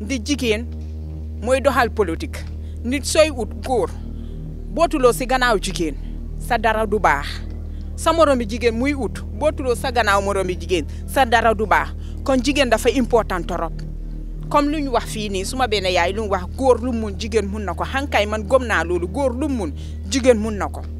ndi jigéen mooy doxal politique nit sooy ut góor bootuloo si gannaaw jigéen sa dara du baax sa moromi jigéen muy ut bootuloo sa gannaaw moromi jigéen sa dara du baax kon jigéen dafa important torop comme lu ñu wax fii nii suma benn yaay lu mu wax góor lu mun jigéen mun na ko xànkay man gom naa loolu góor lu mun jigéen mun na ko